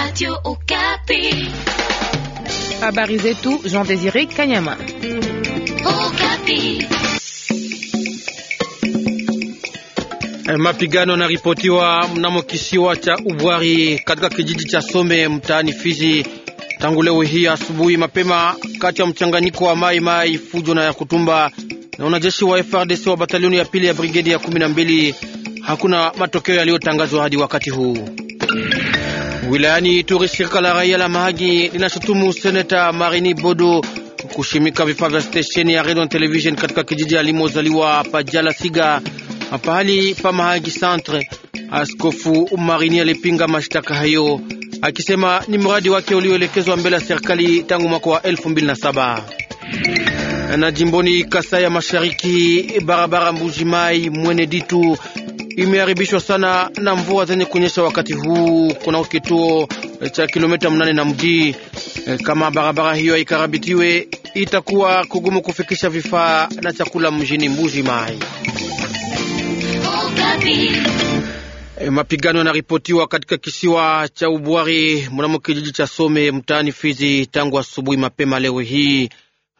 Radio Okapi. Habari zetu Jean Désiré Kanyama. Okapi. Eh, mapigano yanaripotiwa mnamo kisiwa cha Ubwari katika kijiji cha Some mtaani Fizi tangu leo hii asubuhi mapema, kati ya mchanganyiko wa Mai Mai Fujo na ya Kutumba na wanajeshi wa FRDC wa batalioni ya pili ya brigedi ya 12. Hakuna matokeo yaliyotangazwa hadi wakati huu. Wilayani Ituri, shirika la raia la Mahagi linashutumu seneta Marini Bodo kushimika vifaa vya stesheni ya radio na television katika kijiji alimozaliwa Pajala Siga pahali pa Mahagi Centre. Askofu Marini alipinga mashtaka hayo akisema ni mradi wake ulioelekezwa mbele ya serikali tangu mwaka wa 2007. Na jimboni Kasai ya Mashariki, barabara Mbujimai Mwene Ditu imeharibishwa sana na mvua zenye kunyesha wakati huu. Kuna kituo eh, cha kilomita mnane na mji. Eh, kama barabara hiyo haikarabitiwe, itakuwa kugumu kufikisha vifaa na chakula mjini Mbuji Mai. E, eh, mapigano yanaripotiwa katika kisiwa cha Ubwari mnamo kijiji cha Some mtaani Fizi tangu asubuhi mapema leo hii.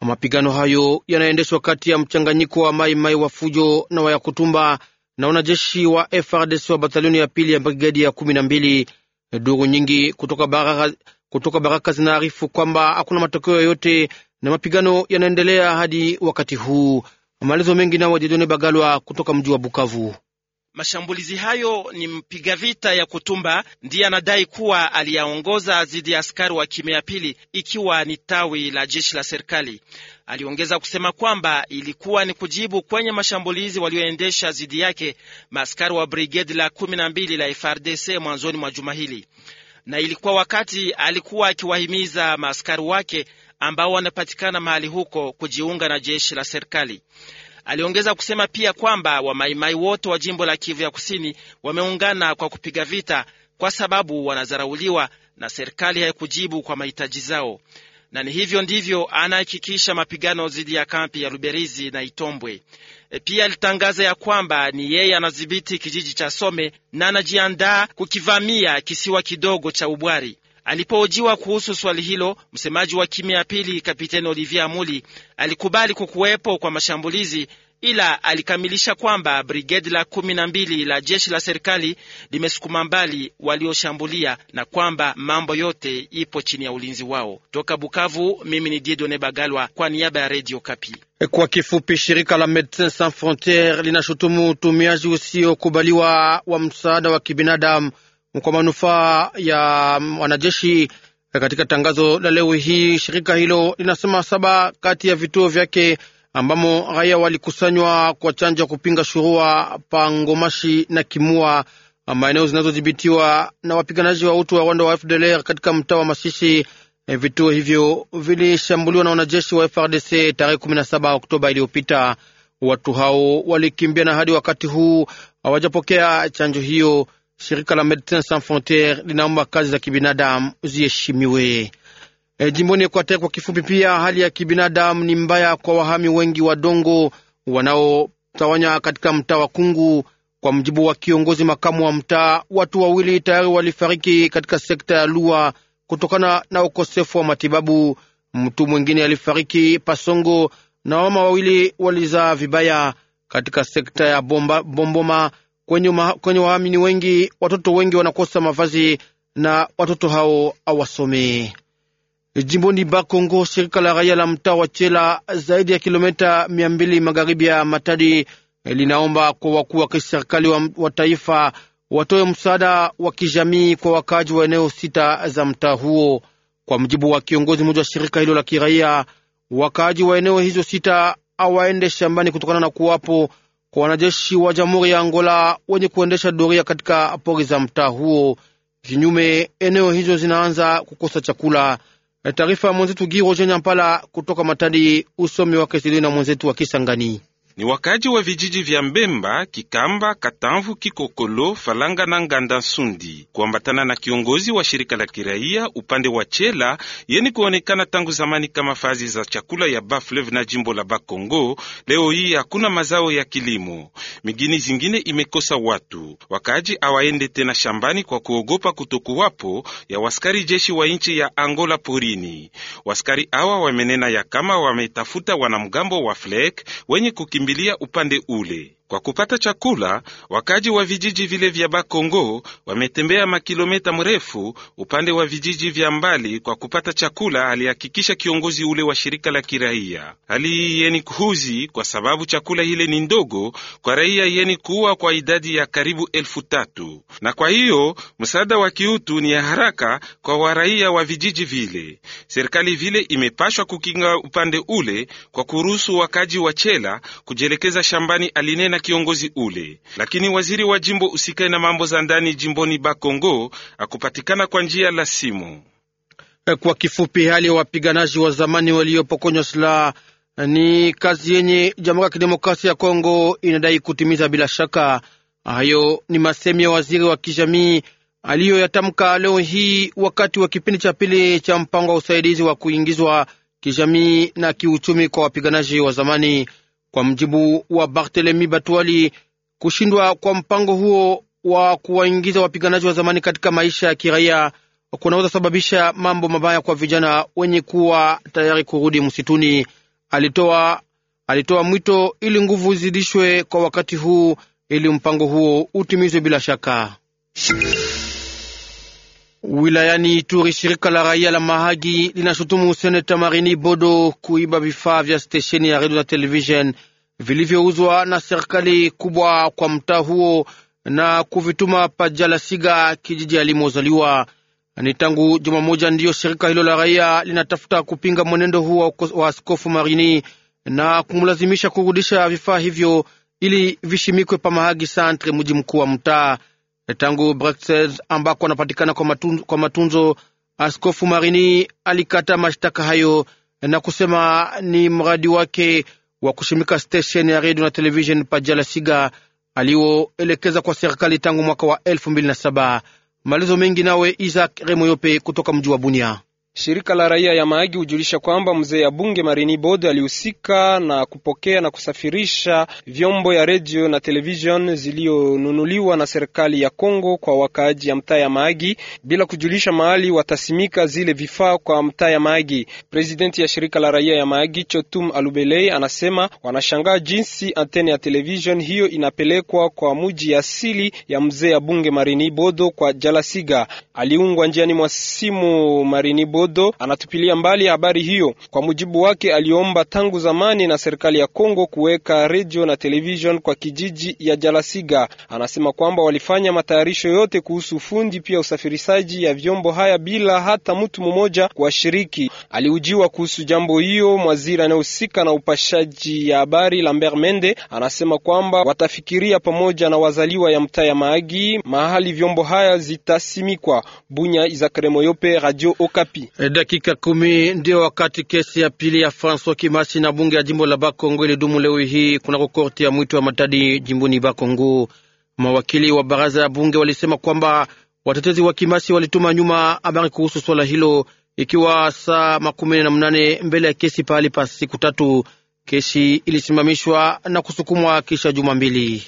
Mapigano hayo yanaendeshwa kati ya mchanganyiko wa maimai Mai wa Fujo na Wayakutumba na wanajeshi wa FRDC wa batalioni ya pili ya brigadi ya kumi na mbili. Duru nyingi kutoka Baraka, kutoka Baraka zinaarifu kwamba hakuna matokeo yoyote na mapigano yanaendelea hadi wakati huu. Maelezo mengi nao Jedone Bagalwa kutoka mji wa Bukavu. Mashambulizi hayo ni mpiga vita ya Kutumba ndiye anadai kuwa aliyaongoza dhidi ya askari wa Kimea Pili, ikiwa ni tawi la jeshi la serikali. Aliongeza kusema kwamba ilikuwa ni kujibu kwenye mashambulizi walioendesha dhidi yake maaskari wa brigedi la kumi na mbili la FRDC mwanzoni mwa juma hili, na ilikuwa wakati alikuwa akiwahimiza maaskari wake ambao wanapatikana mahali huko kujiunga na jeshi la serikali. Aliongeza kusema pia kwamba wamaimai wote wa jimbo la Kivu ya Kusini wameungana kwa kupiga vita kwa sababu wanadharauliwa na serikali haikujibu kwa mahitaji zao, na ni hivyo ndivyo anahakikisha mapigano dhidi ya kampi ya Ruberizi na Itombwe. E, pia alitangaza ya kwamba ni yeye anadhibiti kijiji cha Some na anajiandaa kukivamia kisiwa kidogo cha Ubwari. Alipohojiwa kuhusu swali hilo, msemaji wa kimya ya pili Kapiteni Olivier Amuli alikubali kukuwepo kwa mashambulizi ila alikamilisha kwamba brigedi la kumi na mbili la jeshi la serikali limesukuma mbali walioshambulia na kwamba mambo yote ipo chini ya ulinzi wao. Toka Bukavu, mimi ni Diedone Bagalwa kwa niaba ya Redio Kapi. Kwa kifupi, shirika la Medecins Sans Frontieres linashutumu utumiaji usiokubaliwa wa msaada wa kibinadamu kwa manufaa ya wanajeshi. Katika tangazo la leo hii, shirika hilo linasema saba kati ya vituo vyake ambamo raia walikusanywa kwa chanjo ya kupinga shurua Pangomashi na Kimua, maeneo zinazodhibitiwa na wapiganaji wa utu wa Rwanda wa FDLR katika mtaa wa Masisi. Eh, vituo hivyo vilishambuliwa na wanajeshi wa FRDC tarehe 17 Oktoba iliyopita. Watu hao walikimbia na hadi wakati huu hawajapokea chanjo hiyo. Shirika la Medecins Sans Frontiere linaomba kazi za kibinadamu ziheshimiwe. E, jimboni Ekwater kwa kifupi, pia hali ya kibinadamu ni mbaya kwa wahami wengi wadongo wanaotawanya katika mtaa wa Kungu. Kwa mjibu wa kiongozi makamu wa mtaa, watu wawili tayari walifariki katika sekta ya Lua kutokana na ukosefu wa matibabu. Mtu mwingine alifariki Pasongo na wama wawili walizaa vibaya katika sekta ya bomba, Bomboma Kwenye, kwenye waamini wengi watoto wengi wanakosa mavazi na watoto hao awasome Jimboni Bakongo, shirika la raia la mtaa wa Chela, zaidi ya kilomita mia mbili magharibi ya Matadi, linaomba kwa wakuu wa kiserikali wa, wa taifa watoe msaada wa kijamii kwa wakaaji wa eneo sita za mtaa huo. Kwa mjibu wa kiongozi mmoja wa shirika hilo la kiraia, wakaaji wa eneo hizo sita awaende shambani kutokana na kuwapo kwa wanajeshi wa jamhuri ya Angola wenye kuendesha doria katika pori za mtaa huo. Kinyume, eneo hizo zinaanza kukosa chakula. Taarifa ya mwenzetu Giro Jenya Mpala kutoka Matadi, usomi wake Sidini mwenzetu wa Kisangani ni wakaaji wa vijiji vya Mbemba, Kikamba, Katamvu, Kikokolo, Falanga na Nganda sundi kuambatana na kiongozi wa shirika la kiraia upande wa Chela yeni kuonekana tangu zamani kama fazi za chakula ya Baflev na jimbo la Bakongo. Leo hii hakuna mazao ya kilimo, migini zingine imekosa watu, wakaaji awaende tena shambani kwa kuogopa kutokuwapo ya waskari jeshi wa nchi ya Angola porini. Waskari awa wamenena ya kama wametafuta wanamgambo wa FLEK wenye kukimbia kukimbilia upande ule. Kwa kupata chakula, wakaji wa vijiji vile vya Bakongo wametembea makilometa mrefu upande wa vijiji vya mbali kwa kupata chakula, alihakikisha kiongozi ule wa shirika la kiraia. Hali hii yeni kuhuzi kwa sababu chakula hile ni ndogo kwa raia yeni kuwa kwa idadi ya karibu elfu tatu na kwa hiyo msaada wa kiutu ni ya haraka kwa waraia wa vijiji vile. Serikali vile imepashwa kukinga upande ule kwa kuruhusu wakaji wa Chela kujielekeza shambani, alinena kiongozi ule, lakini waziri wa jimbo usikae na mambo za ndani jimboni Bakongo akupatikana kwa njia la simu. Eh, kwa kifupi, hali ya wapiganaji wa zamani waliopokonywa silaha eh, ni kazi yenye Jamhuri ya Kidemokrasia ya Kongo inadai kutimiza bila shaka. Hayo ni masemi ya waziri wa kijamii aliyoyatamka leo hii wakati wa kipindi cha pili cha mpango wa usaidizi wa kuingizwa kijamii na kiuchumi kwa wapiganaji wa zamani. Kwa mjibu wa Barthelemy Batwali, kushindwa kwa mpango huo wa kuwaingiza wapiganaji wa zamani katika maisha ya kiraia kunaweza sababisha mambo mabaya kwa vijana wenye kuwa tayari kurudi msituni. Alitoa, alitoa mwito ili nguvu izidishwe kwa wakati huu ili mpango huo utimizwe bila shaka. Wilayani Ituri, shirika la raia la Mahagi linashutumu seneta Marini Bodo kuiba vifaa vya stesheni ya redio na televishen vilivyouzwa na serikali kubwa kwa mtaa huo na kuvituma Pajalasiga, kijiji alimozaliwa. Ni tangu juma moja ndiyo shirika hilo la raia linatafuta kupinga mwenendo huo wa askofu Marini na kumlazimisha kurudisha vifaa hivyo ili vishimikwe pa Mahagi Santre, mji mkuu wa mtaa. Tangu Bruxelles ambako anapatikana kwa matunzo, kwa matunzo, askofu Marini alikata mashtaka hayo na kusema ni mradi wake wa kushimika station ya redio na television Pajala Siga alioelekeza kwa serikali tangu mwaka wa elfu mbili na saba. Malizo mengi nawe Isaac Remoyope kutoka mji wa Bunia. Shirika la raia ya Mahagi hujulisha kwamba mzee ya bunge Marini Bod alihusika na kupokea na kusafirisha vyombo ya redio na television ziliyonunuliwa na serikali ya Kongo kwa wakaaji ya mtaa ya Mahagi bila kujulisha mahali watasimika zile vifaa kwa mtaa ya Mahagi. Presidenti ya shirika la raia ya Mahagi Chotum Alubelei anasema wanashangaa jinsi antene ya television hiyo inapelekwa kwa muji ya asili ya mzee ya bunge Marini Bodo kwa Jalasiga. Aliungwa njiani mwa simu Marini Bodo Godo anatupilia mbali habari hiyo. Kwa mujibu wake, aliomba tangu zamani na serikali ya Kongo kuweka redio na television kwa kijiji ya Jalasiga. Anasema kwamba walifanya matayarisho yote kuhusu fundi pia usafirishaji ya vyombo haya bila hata mtu mmoja kuwashiriki. Aliujiwa kuhusu jambo hiyo, mwaziri anayehusika na upashaji ya habari Lambert Mende anasema kwamba watafikiria pamoja na wazaliwa ya mtaa ya maagi mahali vyombo haya zitasimikwa. Bunya Izakare Radio Okapi. Eh, dakika kumi ndio wakati kesi ya pili ya Francois Kimasi na bunge ya jimbo la Bakongo ilidumu leo hii kunako korti ya mwito wa Matadi jimboni Bakongo. Mawakili wa baraza ya bunge walisema kwamba watetezi wa Kimasi walituma nyuma habari kuhusu swala hilo ikiwa saa makumi na mnane mbele ya kesi pahali pa siku tatu. Kesi ilisimamishwa na kusukumwa kisha juma mbili.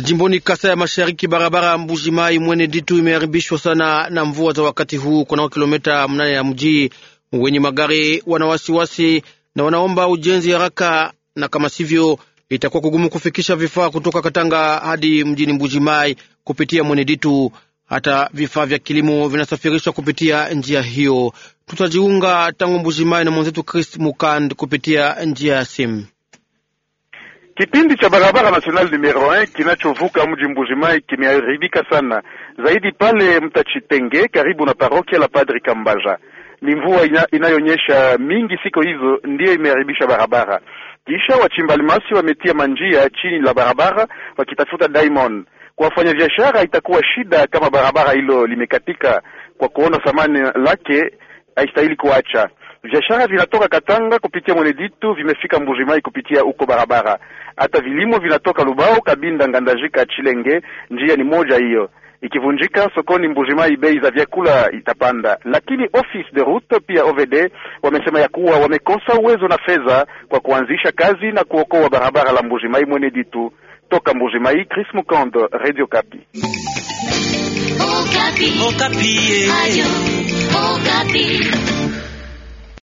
Jimboni Kasa ya Mashariki, barabara ya Mbuji Mai Mwene Ditu imeharibishwa sana na mvua za wakati huu kunao kilomita mnane ya mji. Wenye magari wanawasiwasi na wanaomba ujenzi haraka, na kama sivyo itakuwa kugumu kufikisha vifaa kutoka Katanga hadi mjini Mbuji Mai kupitia Mwene Ditu. Hata vifaa vya kilimo vinasafirishwa kupitia njia hiyo. Tutajiunga tangu Mbuji Mai na mwenzetu Chris Mukand kupitia njia ya simu. Kipindi cha barabara national numero 1 kinachovuka mji Mbujimai kimeharibika sana zaidi pale Mtachitenge karibu na parokia la Padri Kambaja. Ni mvua ina, inayonyesha mingi siku hizo ndiyo imeharibisha barabara. Kisha wachimba almasi wametia manjia chini la barabara wakitafuta diamond. Kwa wafanyabiashara itakuwa shida kama barabara hilo limekatika, kwa kuona thamani lake haistahili kuacha Biashara vinatoka Katanga kupitia Mweneditu vimefika mbuzimai kupitia uko barabara. Hata vilimo vinatoka Lubao, Kabinda, Ngandajika, Chilenge. Njia ni moja hiyo ikivunjika sokoni Mbujimai, bei za vyakula itapanda. Lakini Office de Route pia OVD wamesema ya kuwa wamekosa uwezo na fedha kwa kuanzisha kazi na kuokoa barabara la Mbujimai Mweneditu. Toka Mbujimai, Chris Mukondo, Radio Kapi. Okapi. Oh, Okapi. Oh, Ayo. Okapi. Oh,